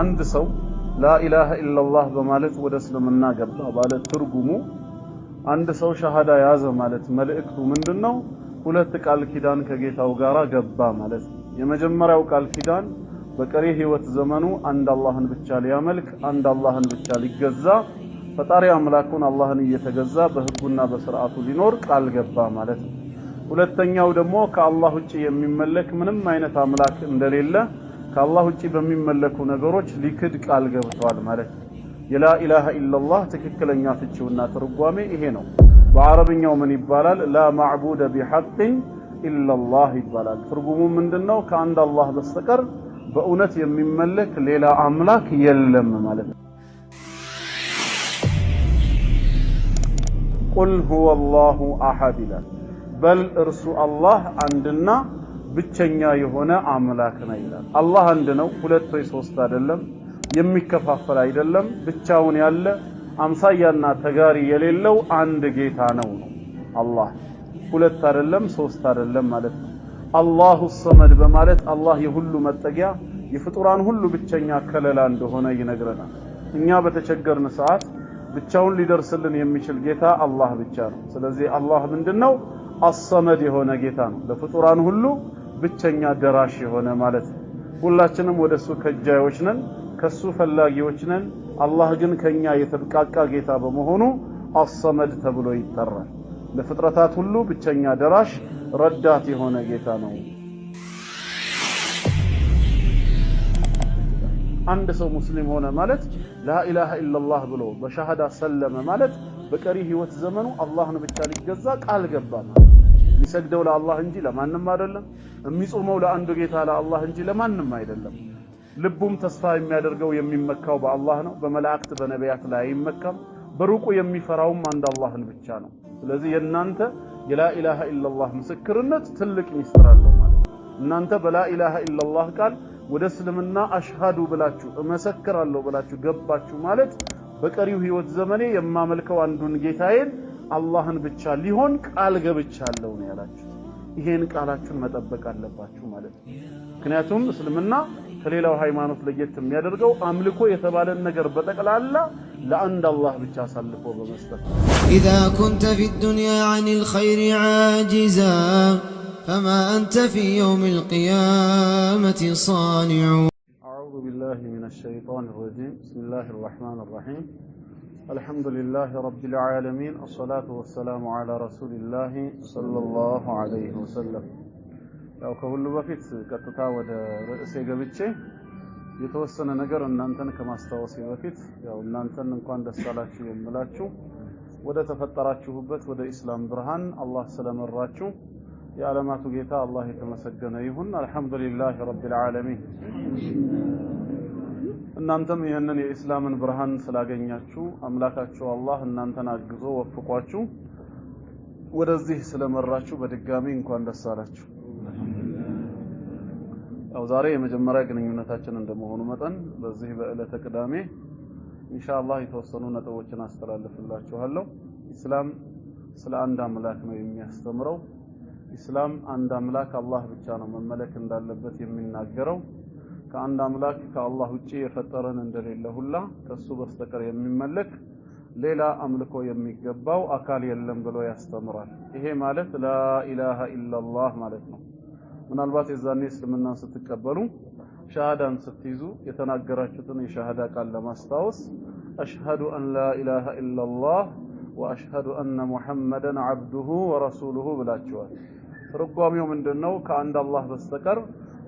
አንድ ሰው ላኢላሀ ኢለላህ በማለት ወደ እስልምና ገባ ማለት ትርጉሙ አንድ ሰው ሸሃዳ ያዘ ማለት መልእክቱ ምንድን ነው? ሁለት ቃል ኪዳን ከጌታው ጋር ገባ ማለት ነው። የመጀመሪያው ቃል ኪዳን በቀሪ ህይወት ዘመኑ አንድ አላህን ብቻ ሊያመልክ፣ አንድ አላህን ብቻ ሊገዛ፣ ፈጣሪ አምላኩን አላህን እየተገዛ በህጉና በስርዓቱ ሊኖር ቃል ገባ ማለት ነው። ሁለተኛው ደግሞ ከአላህ ውጪ የሚመለክ ምንም አይነት አምላክ እንደሌለ ከአላህ ውጪ በሚመለኩ ነገሮች ሊክድ ቃል ገብተዋል ማለት ነው። የላ ኢላሃ ኢለላህ ትክክለኛ ፍቺውና ትርጓሜ ይሄ ነው። በአረብኛው ምን ይባላል? ላ ማዕቡደ ቢሐቅን ኢለላህ ይባላል። ትርጉሙ ምንድነው? ከአንድ አላህ በስተቀር በእውነት የሚመለክ ሌላ አምላክ የለም ማለት ነው። ቁል ሁወ አላሁ አሐድ ይላል። በል እርሱ አላህ አንድና ብቸኛ የሆነ አምላክ ነው ይላል። አላህ አንድ ነው፣ ሁለት ወይ ሶስት አይደለም፣ የሚከፋፈል አይደለም፣ ብቻውን ያለ አምሳያና ተጋሪ የሌለው አንድ ጌታ ነው ነው አላህ ሁለት አይደለም፣ ሶስት አይደለም ማለት ነው። አላሁ ሰመድ በማለት አላህ የሁሉ መጠጊያ የፍጡራን ሁሉ ብቸኛ ከለላ እንደሆነ ይነግረናል። እኛ በተቸገርን ሰዓት ብቻውን ሊደርስልን የሚችል ጌታ አላህ ብቻ ነው። ስለዚህ አላህ ምንድነው አሰመድ የሆነ ጌታ ነው። ለፍጡራን ሁሉ ብቸኛ ደራሽ የሆነ ማለት ነው። ሁላችንም ወደ እሱ ከጃዮች ነን፣ ከሱ ፈላጊዎች ነን። አላህ ግን ከኛ የተብቃቃ ጌታ በመሆኑ አሰመድ ተብሎ ይጠራል። ለፍጥረታት ሁሉ ብቸኛ ደራሽ ረዳት የሆነ ጌታ ነው። አንድ ሰው ሙስሊም ሆነ ማለት ላኢላሃ ኢለላህ ብሎ በሻሃዳ ሰለመ ማለት በቀሪ ህይወት ዘመኑ አላህን ብቻ ሊገዛ ቃል ገባ ማለት የሚሰግደው ለአላህ እንጂ ለማንም አይደለም። የሚጾመው ለአንዱ ጌታ ለአላህ እንጂ ለማንም አይደለም። ልቡም ተስፋ የሚያደርገው የሚመካው በአላህ ነው። በመላእክት በነቢያት ላይ አይመካም። በሩቁ የሚፈራውም አንድ አላህን ብቻ ነው። ስለዚህ የእናንተ የላኢላሃ ኢለላህ ምስክርነት ትልቅ ሚስጥር አለው ማለት እናንተ በላኢላሃ ኢለላህ ቃል ወደ እስልምና አሽሃዱ ብላችሁ እመሰክራለሁ ብላችሁ ገባችሁ ማለት በቀሪው ህይወት ዘመኔ የማመልከው አንዱን ጌታዬን አላህን ብቻ ሊሆን ቃል ገብቻለሁ ነው ያላችሁ። ይሄን ቃላችሁን መጠበቅ አለባችሁ ማለት ነው። ምክንያቱም እስልምና ከሌላው ሃይማኖት ለየት የሚያደርገው አምልኮ የተባለን ነገር በጠቅላላ ለአንድ አላህ ብቻ አሳልፎ በመስጠት ኢዛ ኩንተ ፊ ዱንያ ዐኒል ኸይሪ ዓጂዛ ፈማ አንተ ፊ የውሚል ቂያመቲ ሷኒዑ الشيطان الرجيم بسم الله الرحمن الرحيم الحمد لله رب العالمين الصلاة والسلام على رسول الله صلى الله عليه وسلم ያው ከሁሉ በፊት ቀጥታ ወደ ርዕሴ ገብቼ የተወሰነ ነገር እናንተን ከማስታወሴ በፊት ያው እናንተን እንኳን ደስ አላችሁ የምላችሁ ወደ ተፈጠራችሁበት ወደ ኢስላም ብርሃን አላህ ስለመራችሁ የዓለማቱ ጌታ አላህ የተመሰገነ ይሁን አልহামዱሊላሂ ረቢል ዓለሚን እናንተም ይህንን የኢስላምን ብርሃን ስላገኛችሁ አምላካችሁ አላህ እናንተን አግዞ ወፍቋችሁ ወደዚህ ስለመራችሁ በድጋሚ እንኳን ደስ አላችሁ። ያው ዛሬ የመጀመሪያ ግንኙነታችን እንደመሆኑ መጠን በዚህ በዕለተ ቅዳሜ ኢንሻአላህ የተወሰኑ ነጥቦችን አስተላልፍላችኋለሁ። ኢስላም ስለ አንድ አምላክ ነው የሚያስተምረው። ኢስላም አንድ አምላክ አላህ ብቻ ነው መመለክ እንዳለበት የሚናገረው። ከአንድ አምላክ ከአላህ ውጪ የፈጠረን እንደሌለ ሁላ ከሱ በስተቀር የሚመለክ ሌላ አምልኮ የሚገባው አካል የለም ብሎ ያስተምራል። ይሄ ማለት ላኢላሃ ኢላላህ ማለት ነው። ምናልባት የዛኔ እስልምናን ስትቀበሉ ሻሃዳን ስትይዙ የተናገራችሁትን የሻሃዳ ቃል ለማስታወስ አሽሀዱ አን ላኢላሃ ኢላላህ ወአሽሀዱ አነ ሙሐመደን አብዱሁ ወረሱሉሁ ብላችኋል። ትርጓሜው ምንድን ነው? ከአንድ አላህ በስተቀር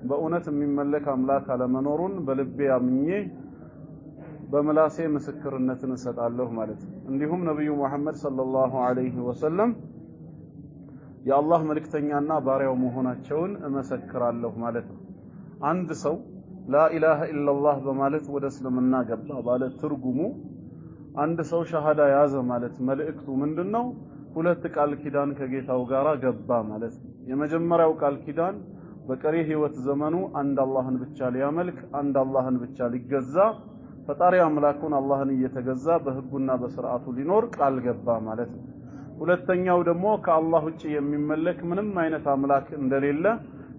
በእውነት የሚመለክ አምላክ አለመኖሩን በልቤ አምኜ በምላሴ ምስክርነትን እሰጣለሁ ማለት ነው። እንዲሁም ነብዩ መሐመድ ሰለላሁ ዐለይሂ ወሰለም የአላህ መልእክተኛና ባሪያው መሆናቸውን እመሰክራለሁ ማለት ነው። አንድ ሰው ላኢላሃ ኢላላህ በማለት ወደ እስልምና ገባ ባለ ትርጉሙ አንድ ሰው ሸሃዳ ያዘ ማለት መልእክቱ ምንድነው? ሁለት ቃል ኪዳን ከጌታው ጋር ገባ ማለት ነው። የመጀመሪያው ቃል ኪዳን በቀሪ ህይወት ዘመኑ አንድ አላህን ብቻ ሊያመልክ አንድ አላህን ብቻ ሊገዛ ፈጣሪ አምላኩን አላህን እየተገዛ በህጉና በስርዓቱ ሊኖር ቃል ገባ ማለት ነው። ሁለተኛው ደግሞ ከአላህ ውጭ የሚመለክ ምንም አይነት አምላክ እንደሌለ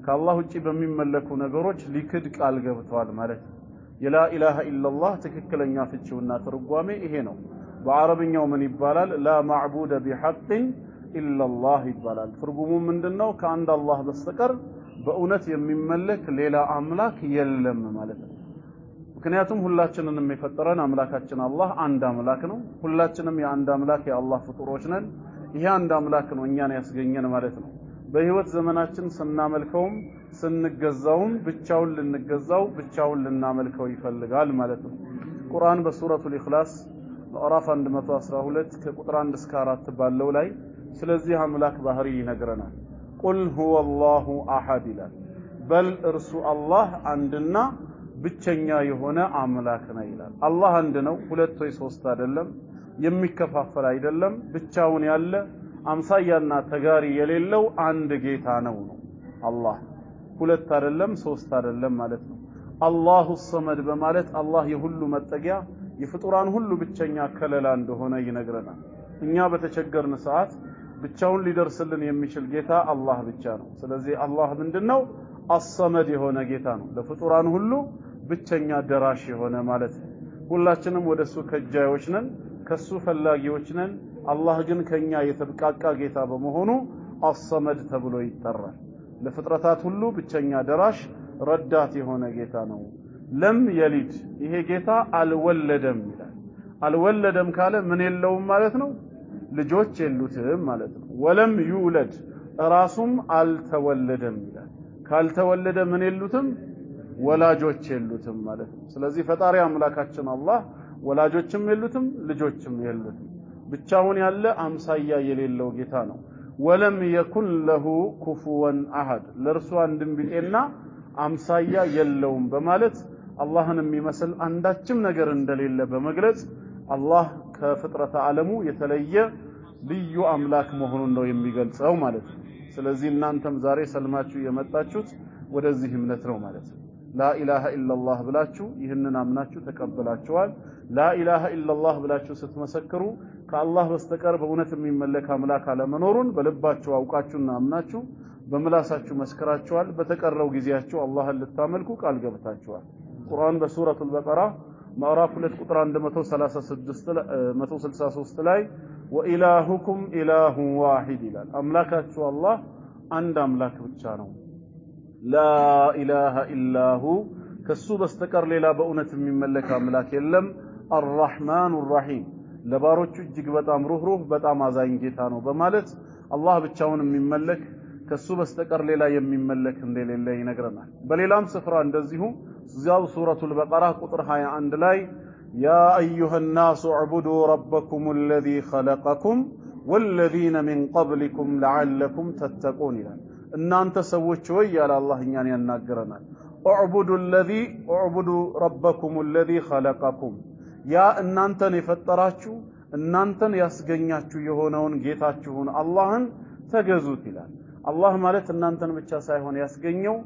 ከአላህ ውጭ በሚመለኩ ነገሮች ሊክድ ቃል ገብቷል ማለት ነው። የላ ኢላሀ ኢለላህ ትክክለኛ ፍቺውና ትርጓሜ ይሄ ነው። በአረብኛው ምን ይባላል? ላ ማዕቡደ ቢሐቅን ኢለላህ ይባላል። ትርጉሙ ምንድነው? ከአንድ አላህ በስተቀር በእውነት የሚመለክ ሌላ አምላክ የለም ማለት ነው። ምክንያቱም ሁላችንንም የፈጠረን አምላካችን አላህ አንድ አምላክ ነው። ሁላችንም የአንድ አምላክ የአላህ ፍጡሮች ነን። ይሄ አንድ አምላክ ነው እኛን ያስገኘን ማለት ነው። በህይወት ዘመናችን ስናመልከውም ስንገዛውም ብቻውን ልንገዛው ብቻውን ልናመልከው ይፈልጋል ማለት ነው። ቁርአን በሱረቱል ኢኽላስ ምዕራፍ 112 ከቁጥር 1 እስከ 4 ባለው ላይ ስለዚህ አምላክ ባህሪ ይነግረናል። ቁል ሁወላሁ አላሁ አሐድ ይላል። በል እርሱ አላህ አንድና ብቸኛ የሆነ አምላክ ነው ይላል። አላህ አንድ ነው፣ ሁለት ወይ ሶስት አይደለም፣ የሚከፋፈል አይደለም፣ ብቻውን ያለ አምሳያና ተጋሪ የሌለው አንድ ጌታ ነው ነው አላህ ሁለት አይደለም፣ ሶስት አይደለም ማለት ነው። አላሁ ሰመድ በማለት አላህ የሁሉ መጠጊያ የፍጡራን ሁሉ ብቸኛ ከለላ እንደሆነ ይነግረናል። እኛ በተቸገርን ሰዓት ብቻውን ሊደርስልን የሚችል ጌታ አላህ ብቻ ነው። ስለዚህ አላህ ምንድነው? አሰመድ የሆነ ጌታ ነው። ለፍጡራን ሁሉ ብቸኛ ደራሽ የሆነ ማለት ነው። ሁላችንም ወደ እሱ ከጃዮች ነን፣ ከሱ ፈላጊዎች ነን። አላህ ግን ከኛ የተብቃቃ ጌታ በመሆኑ አሰመድ ተብሎ ይጠራል። ለፍጥረታት ሁሉ ብቸኛ ደራሽ፣ ረዳት የሆነ ጌታ ነው። ለም የሊድ ይሄ ጌታ አልወለደም ይላል። አልወለደም ካለ ምን የለውም ማለት ነው ልጆች የሉትም ማለት ነው። ወለም ይውለድ ራሱም አልተወለደም ይላል። ካልተወለደ ምን የሉትም ወላጆች የሉትም ማለት ነው። ስለዚህ ፈጣሪ አምላካችን አላህ ወላጆችም የሉትም ልጆችም የሉትም። ብቻውን ያለ አምሳያ የሌለው ጌታ ነው። ወለም የኩን ለሁ ኩፉወን አሃድ ለእርሱ አንድም ቢጤና አምሳያ የለውም በማለት አላህን የሚመስል አንዳችም ነገር እንደሌለ በመግለጽ አላህ ከፍጥረተ ዓለሙ የተለየ ልዩ አምላክ መሆኑን ነው የሚገልጸው ማለት ነው። ስለዚህ እናንተም ዛሬ ሰልማችሁ የመጣችሁት ወደዚህ እምነት ነው ማለት ነው። ላኢላሃ ኢለላህ ብላችሁ ይህንን አምናችሁ ተቀብላችኋል። ላኢላሃ ኢለላህ ብላችሁ ስትመሰክሩ ከአላህ በስተቀር በእውነት የሚመለክ አምላክ አለመኖሩን በልባችሁ አውቃችሁና አምናችሁ በምላሳችሁ መስክራችኋል። በተቀረው ጊዜያችሁ አላህን ልታመልኩ ቃል ገብታችኋል። ቁርአን በሱረቱል በቀራ ምዕራፍ 2 ቁጥር 136መ 163 ላይ ወኢላሁኩም ኢላሁ ዋሂድ ይላል። አምላካችሁ አላህ አንድ አምላክ ብቻ ነው። ላ ኢላሁ ከሱ በስተቀር ሌላ በእውነት የሚመለክ አምላክ የለም። አርራህማኑ ራሂም ለባሮቹ እጅግ በጣም ሩህሩህ በጣም አዛኝ ጌታ ነው በማለት አላህ ብቻውን የሚመለክ ከሱ በስተቀር ሌላ የሚመለክ እንደሌለ ይነግረናል። በሌላም ስፍራ እንደዚሁም። زياو سورة البقرة قطر هاي عند لاي يا أيها الناس اعبدوا ربكم الذي خلقكم والذين من قبلكم لعلكم تتقون إلى إن أنت سويت شوي على الله يعني أن اعبدوا الذي اعبدوا ربكم الذي خلقكم يا إن أنت نفتراتشو إن أنت نسجن يسجنياتشو يهونون جيتاتشوهون اللهن تجزوت إلى አላህ ማለት እናንተን ብቻ ሳይሆን ያስገኘው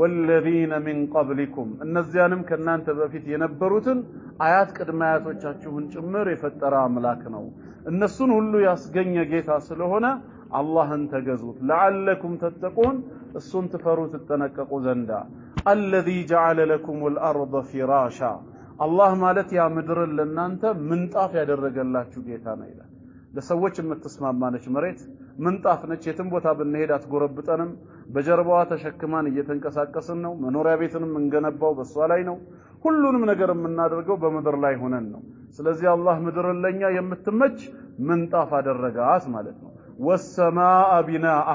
ወለዚነ ሚን ቀብሊኩም እነዚያንም ከእናንተ በፊት የነበሩትን አያት ቅድመ አያቶቻችሁን ጭምር የፈጠረ አምላክ ነው። እነሱን ሁሉ ያስገኘ ጌታ ስለሆነ አላህን ተገዙት። ለዓለኩም ተጠቁን እሱን ትፈሩ ትጠነቀቁ ዘንዳ። አለዚ ጀዓለ ለኩሙል አርደ ፊራሻ አላህ ማለት ያ ምድርን ለእናንተ ምንጣፍ ያደረገላችሁ ጌታ ነው ይላል። ለሰዎች የምትስማማነች መሬት ምንጣፍ ነች። የትም ቦታ ብንሄድ አትጎረብጠንም። በጀርባዋ ተሸክማን እየተንቀሳቀስን ነው። መኖሪያ ቤትንም እንገነባው በሷ ላይ ነው። ሁሉንም ነገር የምናደርገው በምድር ላይ ሆነን ነው። ስለዚህ አላህ ምድርን ለኛ የምትመች ምንጣፍ አደረጋት ማለት ነው። ወሰማአ ቢናአ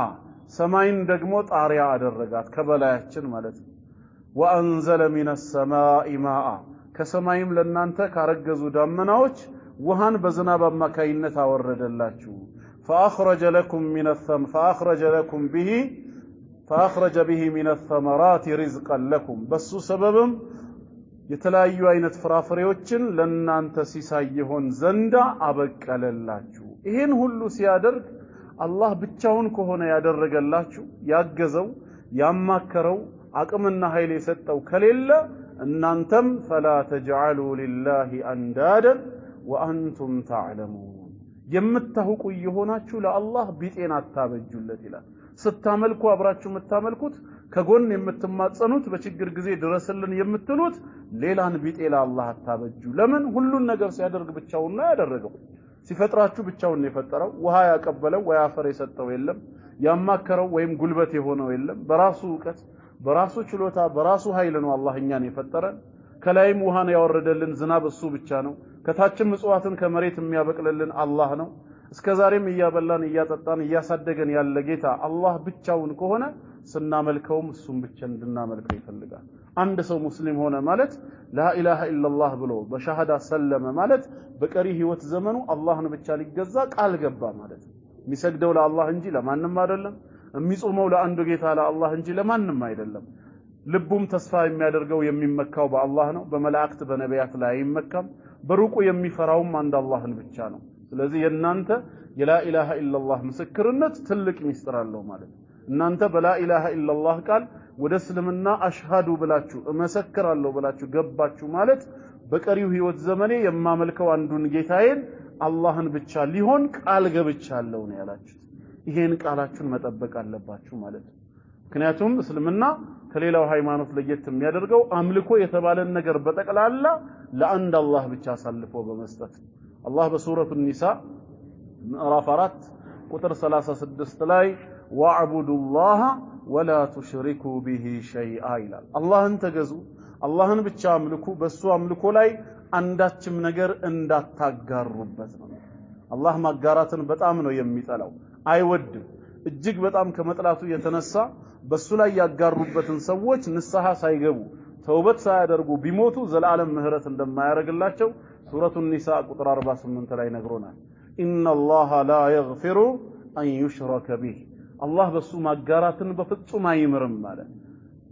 ሰማይን ደግሞ ጣሪያ አደረጋት ከበላያችን ማለት ነው። ወአንዘለ ሚነ ሰማኢ ማአ ከሰማይም ለእናንተ ካረገዙ ዳመናዎች ውሃን በዝናብ አማካይነት አወረደላችሁ። فأخرج لكم من الثم فأخرج لكم به فأخرج به من الثمرات رزقا لكم بس سبب يتلاي أين تفرافر يوچن لن أن تسيسا يهون زندا أبك على الله إهن هلو سيادر الله بچهون كهون يادر رق الله ياقزو ياما كرو أقم النهي ليست وكليلا أن أنتم فلا تجعلوا لله أندادا وأنتم تعلمون የምታውቁ እየሆናችሁ ለአላህ ቢጤን አታበጁለት ይላል። ስታመልኩ አብራችሁ የምታመልኩት ከጎን የምትማጸኑት በችግር ጊዜ ድረስልን የምትሉት ሌላን ቢጤ ለአላህ አታበጁ። ለምን? ሁሉን ነገር ሲያደርግ ብቻውን ነው ያደረገው። ሲፈጥራችሁ ብቻውን ነው የፈጠረው። ውሃ ያቀበለው ወይ አፈር የሰጠው የለም። ያማከረው ወይም ጉልበት የሆነው የለም። በራሱ እውቀት፣ በራሱ ችሎታ፣ በራሱ ኃይል ነው አላህ እኛን የፈጠረን። ከላይም ውሃን ያወረደልን ዝናብ እሱ ብቻ ነው። ከታችም እጽዋትን ከመሬት የሚያበቅልልን አላህ ነው። እስከ ዛሬም እያበላን እያጠጣን እያሳደገን ያለ ጌታ አላህ ብቻውን ከሆነ ስናመልከውም እሱን ብቻ እንድናመልከው ይፈልጋል። አንድ ሰው ሙስሊም ሆነ ማለት ላኢላሃ ኢለላህ ብሎ በሻሃዳ ሰለመ ማለት በቀሪ ህይወት ዘመኑ አላህን ብቻ ሊገዛ ቃል ገባ ማለት ነው። የሚሰግደው ለአላህ እንጂ ለማንም አይደለም። የሚጾመው ለአንዱ ጌታ ለአላህ እንጂ ለማንም አይደለም። ልቡም ተስፋ የሚያደርገው የሚመካው በአላህ ነው። በመላእክት በነቢያት ላይ አይመካም። በሩቁ የሚፈራውም አንድ አላህን ብቻ ነው። ስለዚህ የእናንተ የላኢላሃ ኢላላህ ምስክርነት ትልቅ ሚስጥር አለው ማለት ነው። እናንተ በላኢላሃ ኢላላህ ቃል ወደ እስልምና አሽሃዱ ብላችሁ እመሰክራለሁ ብላችሁ ገባችሁ ማለት በቀሪው ህይወት ዘመኔ የማመልከው አንዱን ጌታዬን አላህን ብቻ ሊሆን ቃል ገብቻለሁ ነው ያላችሁት። ይሄን ቃላችሁን መጠበቅ አለባችሁ ማለት ነው። ምክንያቱም እስልምና ከሌላው ሃይማኖት ለየት የሚያደርገው አምልኮ የተባለን ነገር በጠቅላላ ለአንድ አላህ ብቻ አሳልፎ በመስጠት አላህ በሱረቱ ኒሳ ምዕራፍ አራት ቁጥር 36 ላይ ወአዕቡዱላህ ወላ ቱሽሪኩ ቢሂ ሸይአ ይላል። አላህን ተገዙ፣ አላህን ብቻ አምልኩ፣ በሱ አምልኮ ላይ አንዳችም ነገር እንዳታጋሩበት ነው። አላህ ማጋራትን በጣም ነው የሚጠላው፣ አይወድም። እጅግ በጣም ከመጥላቱ የተነሳ በሱ ላይ ያጋሩበትን ሰዎች ንስሐ ሳይገቡ ተውበት ሳያደርጉ ቢሞቱ ዘላለም ምህረት እንደማያደርግላቸው ሱረቱ ኒሳ ቁጥር 48 ላይ ነግሮናል። ኢነላሃ ላ የግፊሩ አን ዩሽረከ ቢህ አላህ በሱ ማጋራትን በፍጹም አይምርም ማለት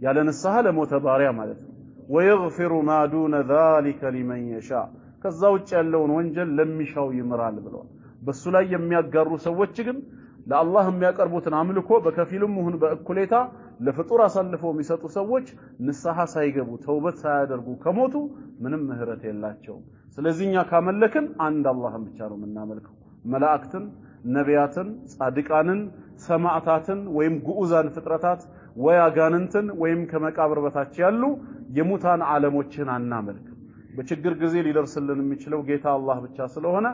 ያለ ንስሐ ለሞተ ባሪያ ማለት ነው። ወየግፊሩ ማ ዱነ ዛሊከ ሊመን የሻ ከዛ ውጭ ያለውን ወንጀል ለሚሻው ይምራል ብለዋል። በሱ ላይ የሚያጋሩ ሰዎች ግን ለአላህ የሚያቀርቡትን አምልኮ በከፊልም ይሁን በእኩሌታ ለፍጡር አሳልፈው የሚሰጡ ሰዎች ንስሐ ሳይገቡ ተውበት ሳያደርጉ ከሞቱ ምንም ምህረት የላቸውም። ስለዚህ እኛ ካመለክን አንድ አላህን ብቻ ነው የምናመልከው። መላእክትን፣ ነቢያትን፣ ጻድቃንን፣ ሰማዕታትን ወይም ግዑዛን ፍጥረታት ወይ አጋንንትን ወይም ከመቃብር በታች ያሉ የሙታን ዓለሞችን አናመልክ። በችግር ጊዜ ሊደርስልን የሚችለው ጌታ አላህ ብቻ ስለሆነ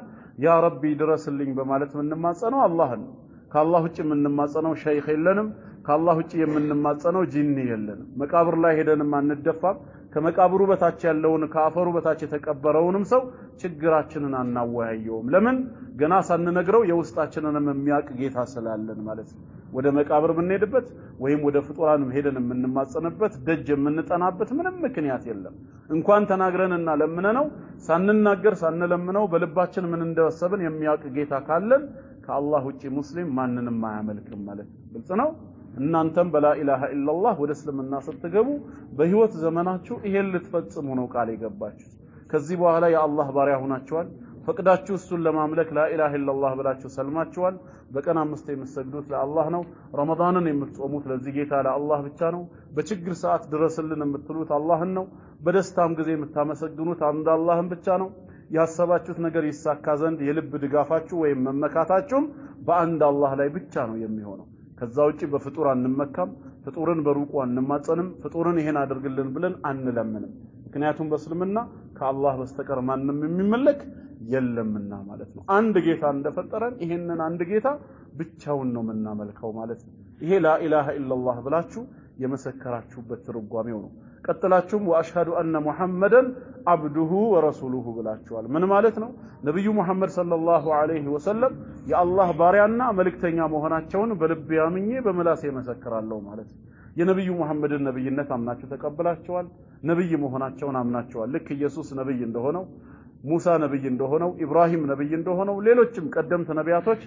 ያ ረቢ ድረስልኝ በማለት የምንማጸነው አላህን ነው። ከአላህ ውጭ የምንማጸነው ሸይኽ የለንም። ከአላህ ውጭ የምንማጸነው ጂኒ የለንም። መቃብር ላይ ሄደንም አንደፋም። ከመቃብሩ በታች ያለውን ከአፈሩ በታች የተቀበረውንም ሰው ችግራችንን አናወያየውም። ለምን ገና ሳንነግረው የውስጣችንንም የሚያውቅ ጌታ ስላለን ማለት ነው። ወደ መቃብር የምንሄድበት ወይም ወደ ፍጡራንም ሄደን የምንማጸንበት ደጅ የምንጠናበት ምንም ምክንያት የለም። እንኳን ተናግረንና ለምነነው ሳንናገር ሳንለምነው በልባችን ምን እንደወሰብን የሚያውቅ ጌታ ካለን ከአላህ ውጭ ሙስሊም ማንንም አያመልክም ማለት ግልጽ ነው። እናንተም በላኢላሃ ኢላላህ ወደ እስልምና ስትገቡ በህይወት ዘመናችሁ ይሄን ልትፈጽሙ ነው ቃል የገባችሁ። ከዚህ በኋላ የአላህ ባሪያ ሆናችኋል። ፈቅዳችሁ እሱን ለማምለክ ላኢላሃ ኢላላህ ብላችሁ ሰልማችኋል። በቀን አምስት የምትሰግዱት ለአላህ ነው። ረመዳንን የምትጾሙት ለዚህ ጌታ ለአላህ ብቻ ነው። በችግር ሰዓት ድረስልን የምትሉት አላህን ነው። በደስታም ጊዜ የምታመሰግኑት አንድ አላህን ብቻ ነው። ያሰባችሁት ነገር ይሳካ ዘንድ የልብ ድጋፋችሁ ወይም መመካታችሁም በአንድ አላህ ላይ ብቻ ነው የሚሆነው። ከዛ ውጪ በፍጡር አንመካም፣ ፍጡርን በሩቁ አንማጸንም፣ ፍጡርን ይሄን አድርግልን ብለን አንለምንም። ምክንያቱም በእስልምና ከአላህ በስተቀር ማንም የሚመለክ የለምና ማለት ነው። አንድ ጌታ እንደፈጠረን ይሄንን አንድ ጌታ ብቻውን ነው የምናመልከው ማለት ነው። ይሄ ላኢላሃ ኢለላህ ብላችሁ የመሰከራችሁበት ትርጓሜው ነው። ቀጥላችሁም ወአሽሃዱ አነ ሙሐመደን አብዱሁ ወረሱሉሁ ብላችኋል። ምን ማለት ነው? ነቢዩ ሙሐመድ ሰለላሁ ዐለይሂ ወሰለም የአላህ ባሪያና መልእክተኛ መሆናቸውን በልብ ያምኜ በምላሴ መሰክራለሁ ማለት ነው። የነቢዩ ሙሐመድን ነብይነት አምናችሁ ተቀብላችኋል። ነብይ መሆናቸውን አምናችኋል። ልክ ኢየሱስ ነብይ እንደሆነው ሙሳ ነብይ እንደሆነው ኢብራሂም ነብይ እንደሆነው ሌሎችም ቀደምት ነቢያቶች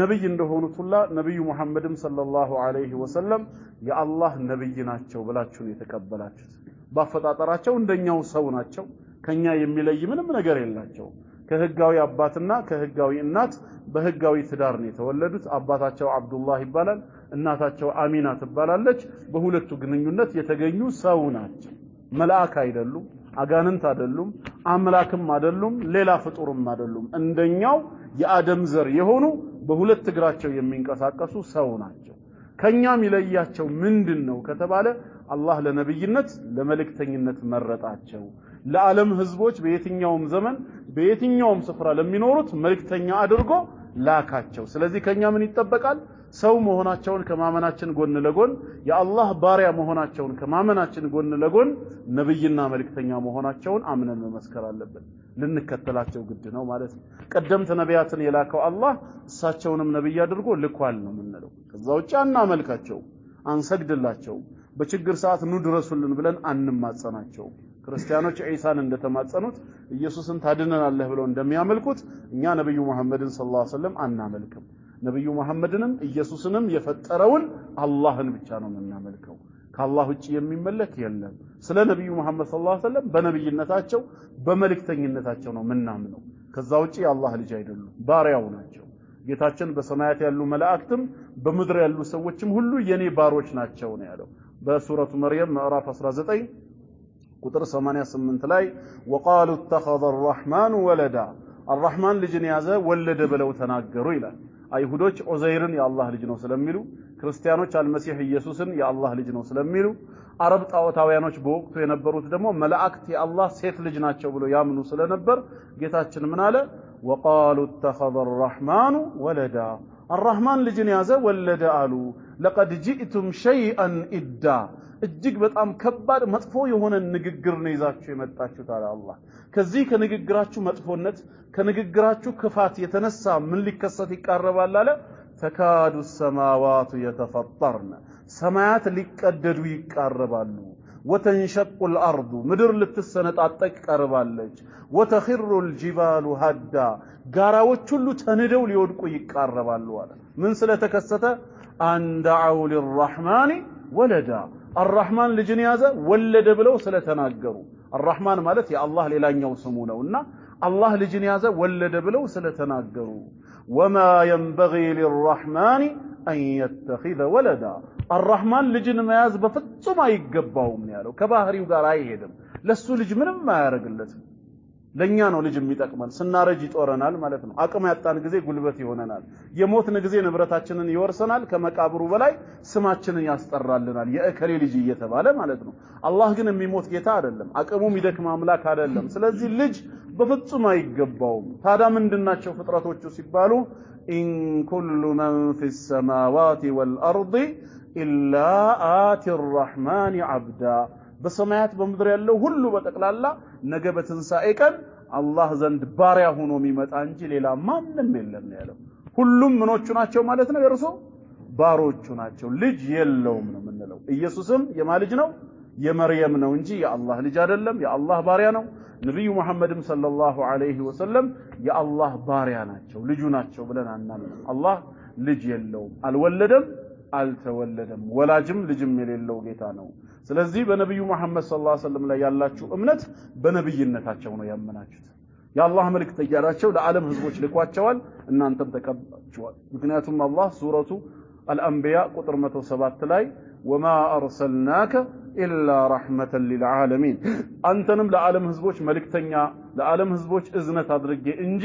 ነብይ እንደሆኑት ሁላ ነብዩ ሙሐመድም ሰለላሁ ዐለይሂ ወሰለም የአላህ ነብይ ናቸው ብላችሁ ነው የተቀበላችሁት። ባፈጣጠራቸው እንደኛው ሰው ናቸው። ከኛ የሚለይ ምንም ነገር የላቸው ከህጋዊ አባትና ከህጋዊ እናት በህጋዊ ትዳር ነው የተወለዱት። አባታቸው አብዱላህ ይባላል፣ እናታቸው አሚና ትባላለች። በሁለቱ ግንኙነት የተገኙ ሰው ናቸው። መልአክ አይደሉም። አጋንንት አይደሉም፣ አምላክም አይደሉም፣ ሌላ ፍጡርም አይደሉም። እንደኛው የአደም ዘር የሆኑ በሁለት እግራቸው የሚንቀሳቀሱ ሰው ናቸው። ከኛም ይለያቸው ምንድን ነው ከተባለ አላህ ለነብይነት ለመልእክተኝነት መረጣቸው። ለዓለም ህዝቦች በየትኛውም ዘመን በየትኛውም ስፍራ ለሚኖሩት መልእክተኛ አድርጎ ላካቸው። ስለዚህ ከኛ ምን ይጠበቃል? ሰው መሆናቸውን ከማመናችን ጎን ለጎን የአላህ ባሪያ መሆናቸውን ከማመናችን ጎን ለጎን ነብይና መልእክተኛ መሆናቸውን አምነን መመስከር አለብን። ልንከተላቸው ግድ ነው ማለት ነው። ቀደምት ነቢያትን የላከው አላህ እሳቸውንም ነብይ አድርጎ ልኳል ነው የምንለው። ከዛ ውጭ መልካቸው አንሰግድላቸው በችግር ሰዓት ኑ ድረሱልን ብለን አንማጸናቸውም። ክርስቲያኖች ዒሳን እንደተማጸኑት ኢየሱስን ታድነናለህ ብለው እንደሚያመልኩት እኛ ነብዩ መሐመድን ሰለላሁ ዐለይሂ ወሰለም አናመልክም። ነብዩ መሐመድንም ኢየሱስንም የፈጠረውን አላህን ብቻ ነው የምናመልከው። ከአላህ ውጭ የሚመለክ የለም። ስለ ነብዩ መሐመድ ሰለላሁ ዐለይሂ ወሰለም በነብይነታቸው በመልእክተኝነታቸው ነው ምናምነው። ከዛ ውጭ የአላህ ልጅ አይደሉም፣ ባሪያው ናቸው። ጌታችን በሰማያት ያሉ መላእክትም በምድር ያሉ ሰዎችም ሁሉ የኔ ባሮች ናቸው ነው ያለው በሱረቱ መርየም ምዕራፍ 19 ቁጥር 88 ላይ ወቃሉ ተኸዘ አራሕማኑ ወለዳ አራሕማን ልጅን ያዘ ወለደ ብለው ተናገሩ ይላል። አይሁዶች ኦዘይርን የአላህ ልጅ ነው ስለሚሉ፣ ክርስቲያኖች አልመሲሕ ኢየሱስን የአላህ ልጅ ነው ስለሚሉ፣ አረብ ጣዖታውያኖች በወቅቱ የነበሩት ደግሞ መላእክት የአላህ ሴት ልጅ ናቸው ብሎ ያምኑ ስለነበር ጌታችን ምን አለ? ወቃሉ ተኸዘ አራሕማኑ ወለዳ አራህማን ልጅን ያዘ ወለደ አሉ። ለቀድ ጂእቱም ሸይአን ኢዳ እጅግ በጣም ከባድ መጥፎ የሆነ ንግግር ነው ይዛችሁ የመጣችሁት አለ አላህ። ከዚህ ከንግግራችሁ መጥፎነት ከንግግራችሁ ክፋት የተነሳ ምን ሊከሰት ይቃረባል አለ ተካዱ ሰማዋቱ የተፈጠርነ ሰማያት ሊቀደዱ ይቃረባሉ። وتنشق الأرض مدر للتسنة أتك أربع وتخر الجبال هدا قارا وتشلو تندو ليودكو يكارب من سلة كستة أن دعوا للرحمن ولدا الرحمن لجنيازة ولد بلو سلة ناقروا الرحمن مالت يا الله للان يوسمونه ونا الله لجنيازة ولد بلو سلة ناقروا وما ينبغي للرحمن أن يتخذ ولدا الرحمن لجن ما يزبط ثم يقبهم يا له كباهري وقار أيهدم لسه لجن من ما يرقل لسه ለኛ ነው ልጅ የሚጠቅመን። ስናረጅ ይጦረናል ማለት ነው። አቅም ያጣን ጊዜ ጉልበት ይሆነናል። የሞትን ጊዜ ንብረታችንን ይወርሰናል። ከመቃብሩ በላይ ስማችንን ያስጠራልናል፣ የእከሌ ልጅ እየተባለ ማለት ነው። አላህ ግን የሚሞት ጌታ አይደለም፣ አቅሙ የሚደክም አምላክ አይደለም። ስለዚህ ልጅ በፍጹም አይገባውም። ታዲያ ምንድናቸው ፍጥረቶቹ ሲባሉ ኢን ኩሉ መን ፊ ሰማዋት ወልአርድ ኢላ አቲ ረሕማን አብዳ በሰማያት በምድር ያለው ሁሉ በጠቅላላ ነገ በትንሣኤ ቀን አላህ ዘንድ ባሪያ ሆኖ የሚመጣ እንጂ ሌላ ማንም የለም ያለው። ሁሉም ምኖቹ ናቸው ማለት ነው የእርሱ ባሮቹ ናቸው። ልጅ የለውም ነው የምንለው። ኢየሱስም የማ ልጅ ነው? የመርየም ነው እንጂ የአላህ ልጅ አይደለም። የአላህ ባሪያ ነው። ነቢዩ መሐመድም ሰለላሁ ዐለይሂ ወሰለም የአላህ ባሪያ ናቸው፣ ልጁ ናቸው ብለን አናምንም። አላህ ልጅ የለውም፣ አልወለደም አልተወለደም፣ ወላጅም ልጅም የሌለው ጌታ ነው። ስለዚህ በነቢዩ መሐመድ ሰለላሁ ዐለይሂ ወሰለም ላይ ያላችሁ እምነት በነብይነታቸው ነው ያመናችሁት። የአላህ መልእክተኛ ናቸው፣ ለዓለም ህዝቦች ልኳቸዋል፣ እናንተም ተቀብላችኋል። ምክንያቱም አላህ ሱረቱ አልአንቢያ ቁጥር 107 ላይ ወማ አርሰልናከ ኢላ ረሕመተን ሊልዓለሚን አንተንም ለዓለም ህዝቦች መልእክተኛ ለዓለም ህዝቦች እዝነት አድርጌ እንጂ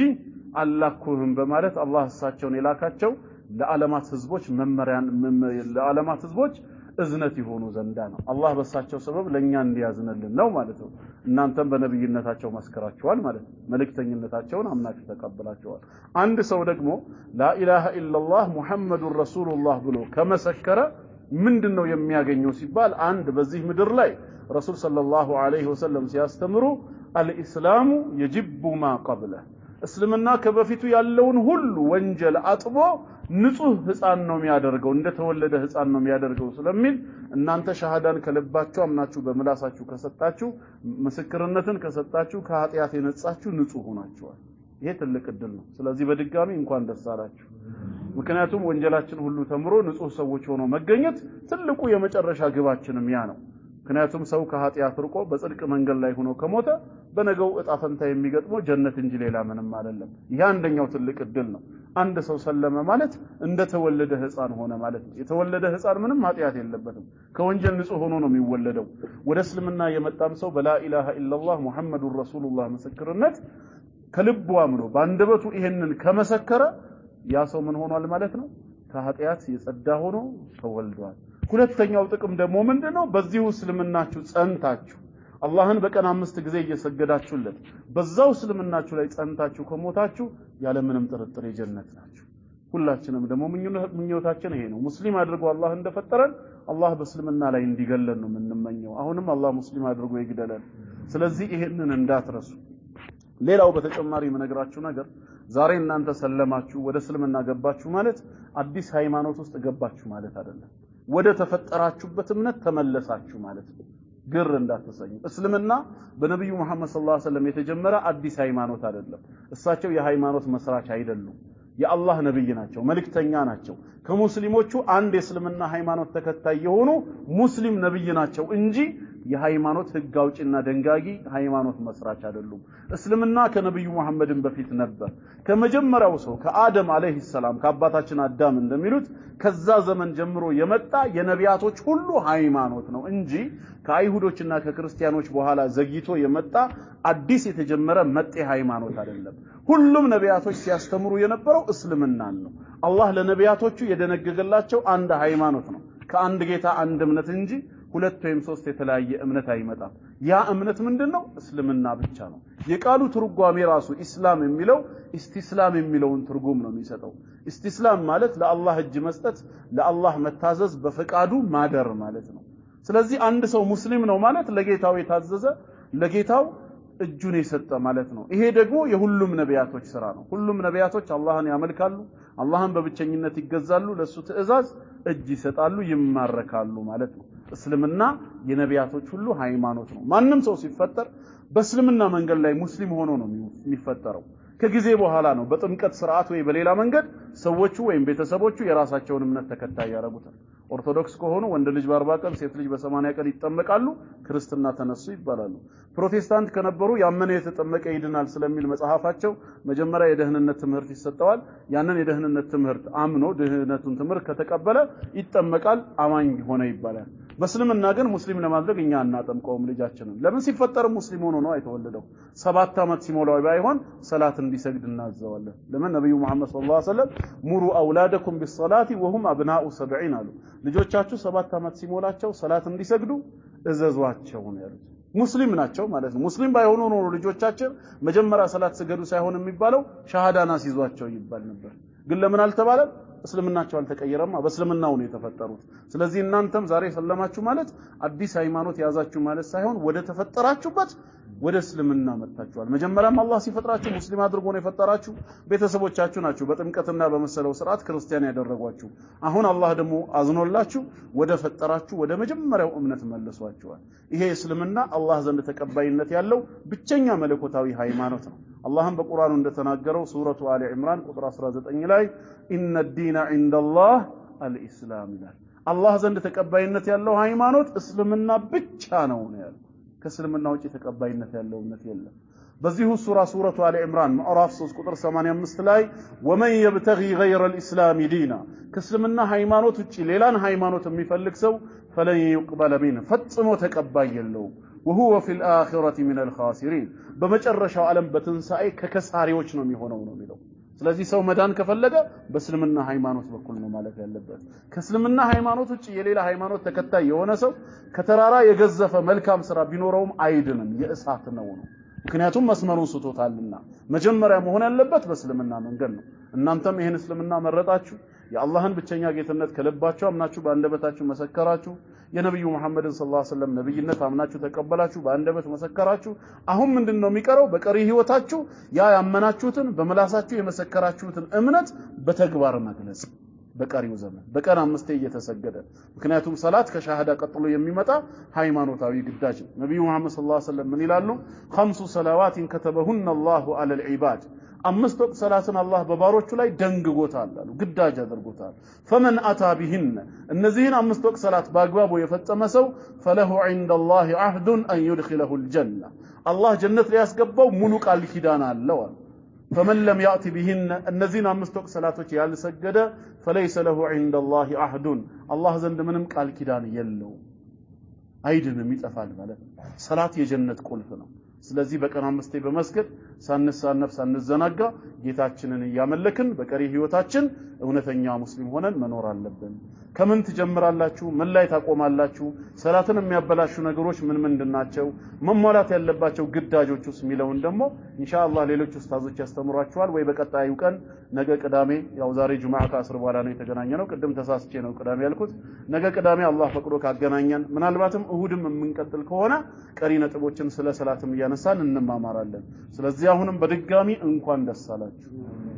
አላኩህም በማለት አላህ እሳቸውን የላካቸው ለዓለማት ህዝቦች መመሪያን ለዓለማት ህዝቦች እዝነት የሆኑ ዘንዳ ነው። አላህ በሳቸው ሰበብ ለኛ እንዲያዝንልን ነው ማለት ነው። እናንተም በነብይነታቸው መስከራችኋል ማለት ነው። መልእክተኝነታቸውን አምናችሁ ተቀብላችኋል። አንድ ሰው ደግሞ ላኢላሃ ኢላላህ ሙሐመዱን ረሱሉላህ ብሎ ከመሰከረ ምንድን ነው የሚያገኘው ሲባል አንድ በዚህ ምድር ላይ ረሱል ሰለላሁ ዐለይሂ ወሰለም ሲያስተምሩ አልኢስላሙ የጅቡ ማ ቀብለ እስልምና ከበፊቱ ያለውን ሁሉ ወንጀል አጥቦ ንጹህ ህፃን ነው የሚያደርገው እንደተወለደ ህፃን ነው የሚያደርገው ስለሚል እናንተ ሻሃዳን ከልባችሁ አምናችሁ በምላሳችሁ ከሰጣችሁ ምስክርነትን ከሰጣችሁ ከኃጢአት የነጻችሁ ንጹህ ሆናችኋል። ይሄ ትልቅ እድል ነው። ስለዚህ በድጋሚ እንኳን ደስ አላችሁ። ምክንያቱም ወንጀላችን ሁሉ ተምሮ ንጹህ ሰዎች ሆኖ መገኘት ትልቁ የመጨረሻ ግባችንም ያ ነው። ምክንያቱም ሰው ከኃጢአት ርቆ በጽድቅ መንገድ ላይ ሆኖ ከሞተ በነገው እጣ ፈንታ የሚገጥመው ጀነት እንጂ ሌላ ምንም አይደለም። ይህ አንደኛው ትልቅ እድል ነው። አንድ ሰው ሰለመ ማለት እንደተወለደ ህፃን ሆነ ማለት ነው። የተወለደ ህፃን ምንም ኃጢአት የለበትም። ከወንጀል ንጹህ ሆኖ ነው የሚወለደው። ወደ እስልምና የመጣም ሰው በላኢላሃ ኢላላህ ሙሐመዱን ረሱሉላህ ምስክርነት ከልቡ አምኖ በአንደበቱ ይሄንን ከመሰከረ ያ ሰው ምን ሆኗል ማለት ነው? ከኃጢአት የጸዳ ሆኖ ተወልዷል። ሁለተኛው ጥቅም ደግሞ ምንድነው? በዚሁ እስልምናችሁ ጸንታችሁ አላህን በቀን አምስት ጊዜ እየሰገዳችሁለት በዛው እስልምናችሁ ላይ ጸንታችሁ ከሞታችሁ ያለምንም ጥርጥር የጀነት ናችሁ። ሁላችንም ደግሞ ምኞታችን ይሄ ነው። ሙስሊም አድርጎ አላህ እንደፈጠረን አላህ በእስልምና ላይ እንዲገለን ነው የምንመኘው። አሁንም አላህ ሙስሊም አድርጎ ይግደለን። ስለዚህ ይሄንን እንዳትረሱ። ሌላው በተጨማሪ የምነግራችሁ ነገር ዛሬ እናንተ ሰለማችሁ፣ ወደ እስልምና ገባችሁ ማለት አዲስ ሃይማኖት ውስጥ ገባችሁ ማለት አይደለም። ወደ ተፈጠራችሁበት እምነት ተመለሳችሁ ማለት ነው። ግር እንዳትሰኙ። እስልምና በነቢዩ መሐመድ ሰለላሁ ዐለይሂ ወሰለም የተጀመረ አዲስ ሃይማኖት አይደለም። እሳቸው የሃይማኖት መስራች አይደሉም። የአላህ ነብይ ናቸው፣ መልእክተኛ ናቸው። ከሙስሊሞቹ አንድ የእስልምና ሃይማኖት ተከታይ የሆኑ ሙስሊም ነብይ ናቸው እንጂ የሃይማኖት ህግ አውጭና ደንጋጊ ሃይማኖት መስራች አይደሉም። እስልምና ከነብዩ መሐመድን በፊት ነበር። ከመጀመሪያው ሰው ከአደም አለይሂ ሰላም ከአባታችን አዳም እንደሚሉት ከዛ ዘመን ጀምሮ የመጣ የነቢያቶች ሁሉ ሃይማኖት ነው እንጂ ከአይሁዶችና ከክርስቲያኖች በኋላ ዘግይቶ የመጣ አዲስ የተጀመረ መጤ ሃይማኖት አይደለም። ሁሉም ነቢያቶች ሲያስተምሩ የነበረው እስልምናን ነው። አላህ ለነቢያቶቹ የደነገገላቸው አንድ ሃይማኖት ነው ከአንድ ጌታ አንድ እምነት እንጂ ሁለት ወይም ሶስት የተለያየ እምነት አይመጣም። ያ እምነት ምንድነው? እስልምና ብቻ ነው። የቃሉ ትርጓሜ ራሱ ኢስላም የሚለው ኢስቲስላም የሚለውን ትርጉም ነው የሚሰጠው። ኢስቲስላም ማለት ለአላህ እጅ መስጠት፣ ለአላህ መታዘዝ፣ በፈቃዱ ማደር ማለት ነው። ስለዚህ አንድ ሰው ሙስሊም ነው ማለት ለጌታው የታዘዘ ለጌታው እጁን የሰጠ ማለት ነው። ይሄ ደግሞ የሁሉም ነቢያቶች ስራ ነው። ሁሉም ነቢያቶች አላህን ያመልካሉ፣ አላህን በብቸኝነት ይገዛሉ፣ ለሱ ትዕዛዝ እጅ ይሰጣሉ፣ ይማረካሉ ማለት ነው። እስልምና የነቢያቶች ሁሉ ሃይማኖት ነው። ማንም ሰው ሲፈጠር በእስልምና መንገድ ላይ ሙስሊም ሆኖ ነው የሚፈጠረው። ከጊዜ በኋላ ነው በጥምቀት ስርዓት ወይ በሌላ መንገድ ሰዎቹ ወይም ቤተሰቦቹ የራሳቸውን እምነት ተከታይ ያደረጉታል። ኦርቶዶክስ ከሆኑ ወንድ ልጅ በአርባ ቀን ሴት ልጅ በሰማንያ ቀን ይጠመቃሉ። ክርስትና ተነሱ ይባላሉ። ፕሮቴስታንት ከነበሩ ያመነ የተጠመቀ ይድናል ስለሚል መጽሐፋቸው መጀመሪያ የደህንነት ትምህርት ይሰጠዋል። ያንን የደህንነት ትምህርት አምኖ ድህነቱን ትምህርት ከተቀበለ ይጠመቃል፣ አማኝ ሆነ ይባላል። በእስልምና ግን ሙስሊም ለማድረግ እኛ አናጠምቀውም ልጃችንን። ለምን ሲፈጠር ሙስሊም ሆኖ ነው የተወለደው። ሰባት ዓመት ሲሞላው ባይሆን ሰላት እንዲሰግድ እናዘዋለን። ለምን ነብዩ መሐመድ ሰለላሁ ዐለይሂ ወሰለም ሙሩ አውላደኩም ቢሰላቲ ወሁም አብናኡ ሰብዒን አሉ። ልጆቻችሁ ሰባት ዓመት ሲሞላቸው ሰላት እንዲሰግዱ እዘዟቸው ነው ያሉት። ሙስሊም ናቸው ማለት ነው። ሙስሊም ባይሆኑ ኖሮ ልጆቻችን መጀመሪያ ሰላት ስገዱ ሳይሆን የሚባለው ሻሃዳና ሲዟቸው ይባል ነበር። ግን ለምን አልተባለም? እስልምናቸው አልተቀየረማ፣ በእስልምናው ነው የተፈጠሩት። ስለዚህ እናንተም ዛሬ ሰለማችሁ ማለት አዲስ ሃይማኖት የያዛችሁ ማለት ሳይሆን ወደ ተፈጠራችሁበት ወደ እስልምና መጥታችኋል። መጀመሪያም አላህ ሲፈጥራችሁ ሙስሊም አድርጎ ነው የፈጠራችሁ። ቤተሰቦቻችሁ ናቸው በጥምቀትና በመሰለው ስርዓት ክርስቲያን ያደረጓችሁ። አሁን አላህ ደግሞ አዝኖላችሁ ወደ ፈጠራችሁ ወደ መጀመሪያው እምነት መልሷችኋል። ይሄ እስልምና አላህ ዘንድ ተቀባይነት ያለው ብቸኛ መለኮታዊ ሃይማኖት ነው። አላህም በቁርአኑ እንደተናገረው ሱረቱ አሊ ዕምራን ቁጥር 19 ላይ ኢነ ዲነ ዒንደላህ አልኢስላም ይላል። አላህ ዘንድ ተቀባይነት ያለው ሃይማኖት እስልምና ብቻ ነው ነው ያለው። ከእስልምና ውጭ ተቀባይነት ያለው እምነት የለም። በዚሁ ሱራ ሱረቱ አሊ ዕምራን ምዕራፍ 3 ቁጥር 85 ላይ ወመን የብተጊ ገይረ ልእስላም ዲና ከእስልምና ሃይማኖት ውጭ ሌላን ሃይማኖት የሚፈልግ ሰው ፈለን ዩቅበለ ሚን ፈጽሞ ተቀባይ የለውም ወሁወ ፊል الآخرة ሚነል الخاسرين በመጨረሻው ዓለም በትንሣኤ ከከሳሪዎች ነው የሚሆነው ነው የሚለው። ስለዚህ ሰው መዳን ከፈለገ በእስልምና ሃይማኖት በኩል ነው ማለት ያለበት። ከእስልምና ሃይማኖት ውጭ የሌላ ሃይማኖት ተከታይ የሆነ ሰው ከተራራ የገዘፈ መልካም ስራ ቢኖረውም አይድንም፣ የእሳት ነው ነው። ምክንያቱም መስመሩን ስቶታልና መጀመሪያ መሆን ያለበት በእስልምና መንገድ ነው። እናንተም ይህን እስልምና መረጣችሁ፣ የአላህን ብቸኛ ጌትነት ከልባችሁ አምናችሁ በአንደበታችሁ መሰከራችሁ። የነብዩ መሐመድን ሰለላሁ ዐለይሂ ወሰለም ነብይነት አምናችሁ ተቀበላችሁ፣ በአንደበት መሰከራችሁ። አሁን ምንድን ነው የሚቀረው? በቀሪ ህይወታችሁ ያ ያመናችሁትን በመላሳችሁ የመሰከራችሁትን እምነት በተግባር መግለጽ በቀሪው ዘመን በቀን አምስቴ እየተሰገደ ምክንያቱም ሰላት ከሻሃዳ ቀጥሎ የሚመጣ ሃይማኖታዊ ግዳጅ ነው። ነብዩ መሐመድ ሰለላሁ ዐለይሂ ወሰለም ምን ይላሉ? خمس صلوات كتبهن الله على العباد አምስት ወቅት ሰላትን አላህ በባሮቹ ላይ ደንግጎታል አሉ ግዳጅ አድርጎታል ፈመን አታ ቢህነ እነዚህን አምስት ወቅት ሰላት በአግባቡ የፈጸመ ሰው ፈለሁ ዐንደ ላህ አህዱን አን ዩድኪለሁ ልጀና አላህ ጀነት ሊያስገባው ሙሉ ቃል ኪዳን አለው አሉ ፈመን ለም ያእቲ ቢህነ እነዚህን አምስት ወቅት ሰላቶች ያልሰገደ ፈለይሰ ለሁ ዐንደ ላህ አህዱን አላህ ዘንድ ምንም ቃል ኪዳን የለውም አይድንም ይጠፋል ማለት ሰላት የጀነት ቁልፍ ነው ስለዚህ በቀን አምስቴ በመስገድ ሳንሳነፍ ሳንዘናጋ ጌታችንን እያመለክን በቀሪ ህይወታችን እውነተኛ ሙስሊም ሆነን መኖር አለብን። ከምን ትጀምራላችሁ? ምን ላይ ታቆማላችሁ? ሰላትን የሚያበላሹ ነገሮች ምን ምንድን ናቸው? መሟላት ያለባቸው ግዳጆች ውስጥ የሚለውን ደግሞ ኢንሻአላህ ሌሎች ኡስታዞች ያስተምሯችኋል ወይ በቀጣዩ ቀን ነገ ቅዳሜ፣ ያው ዛሬ ጁማዓ ከአስር በኋላ ነው የተገናኘ ነው። ቅድም ተሳስቼ ነው ቅዳሜ ያልኩት። ነገ ቅዳሜ አላህ ፈቅዶ ካገናኘን ምናልባትም እሁድም የምንቀጥል ከሆነ ቀሪ ነጥቦችን ስለ ሰላትም እያነሳን እንማማራለን። ስለዚህ አሁንም በድጋሚ እንኳን ደስ አላችሁ።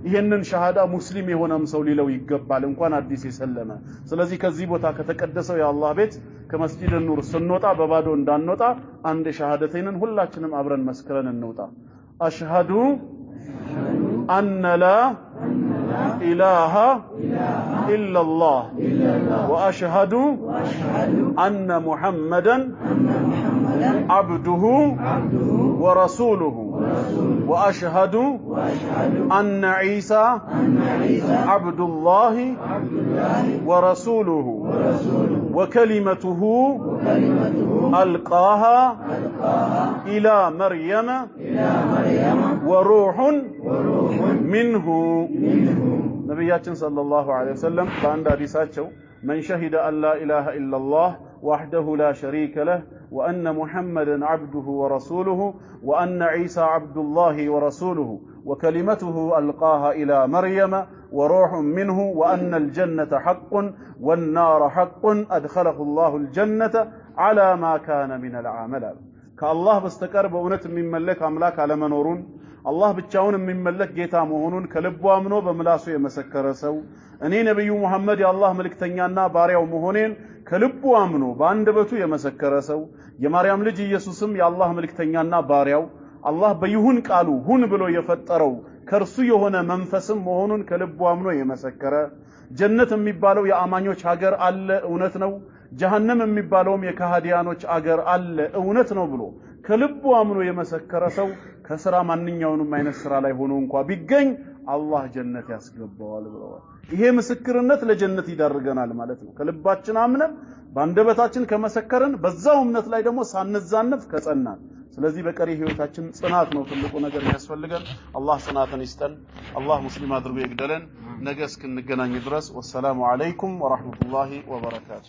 ይሄንን ሸሃዳ ሙስሊም የሆነም ሰው ሊለው ይገባል፣ እንኳን አዲስ የሰለመ። ስለዚህ ከዚህ ቦታ ከተቀደሰው የአላህ ቤት ከመስጂድ ኑር ስንወጣ በባዶ እንዳንወጣ አንድ ሸሃደተይንን ሁላችንም አብረን መስክረን እንውጣ። አሽሃዱ አነ ላ ኢላሃ ኢለላህ ወአሽሃዱ አነ ሙሐመደን عبده ورسوله وأشهد أن عيسى عبد الله ورسوله وكلمته ألقاها إلى مريم وروح منه نبياتنا صلى الله عليه وسلم فأنت رسالته من شهد أن لا إله إلا الله وحده لا شريك له وأن محمدا عبده ورسوله وأن عيسى عبد الله ورسوله وكلمته ألقاها إلى مريم وروح منه وأن الجنة حق والنار حق أدخله الله الجنة على ما كان من العمل كالله بستكر بأونة من ملك أملاك على منورون አላህ ብቻውን የሚመለክ ጌታ መሆኑን ከልቡ አምኖ በምላሱ የመሰከረ ሰው እኔ ነቢዩ ሙሐመድ የአላህ መልእክተኛና ባሪያው መሆኔን ከልቡ አምኖ በአንደበቱ የመሰከረ ሰው የማርያም ልጅ ኢየሱስም የአላህ መልእክተኛና ባሪያው አላህ በይሁን ቃሉ ሁን ብሎ የፈጠረው ከእርሱ የሆነ መንፈስም መሆኑን ከልቡ አምኖ የመሰከረ ጀነት የሚባለው የአማኞች ሀገር አለ፣ እውነት ነው። ጀሃነም የሚባለውም የካሃዲያኖች አገር አለ፣ እውነት ነው ብሎ ከልቡ አምኖ የመሰከረ ሰው ከስራ ማንኛውንም አይነት ስራ ላይ ሆኖ እንኳ ቢገኝ አላህ ጀነት ያስገባዋል ብለዋል። ይሄ ምስክርነት ለጀነት ይዳርገናል ማለት ነው። ከልባችን አምነን በአንደበታችን ከመሰከርን በዛው እምነት ላይ ደግሞ ሳንዛነፍ ከጸናን ስለዚህ በቀሪ ህይወታችን ጽናት ነው ትልቁ ነገር የሚያስፈልገን። አላህ ጽናትን ይስጠን። አላህ ሙስሊም አድርጎ ይግደለን። ነገ እስክንገናኝ ድረስ ወሰላሙ አለይኩም ወራህመቱላሂ ወበረካቱ።